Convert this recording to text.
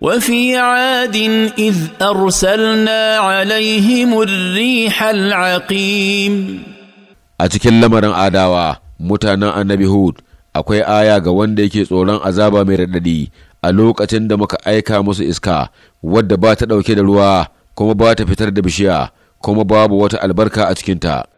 وفي عاد اذ ارسلنا عليهم الريح العقيم a cikin lamarin adawa mutanen annabi Hood akwai aya ga wanda yake tsoron azaba mai raɗaɗi a lokacin da muka aika musu iska wadda ba ta ɗauke da ruwa kuma ba ta fitar da bishiya kuma babu wata albarka a cikinta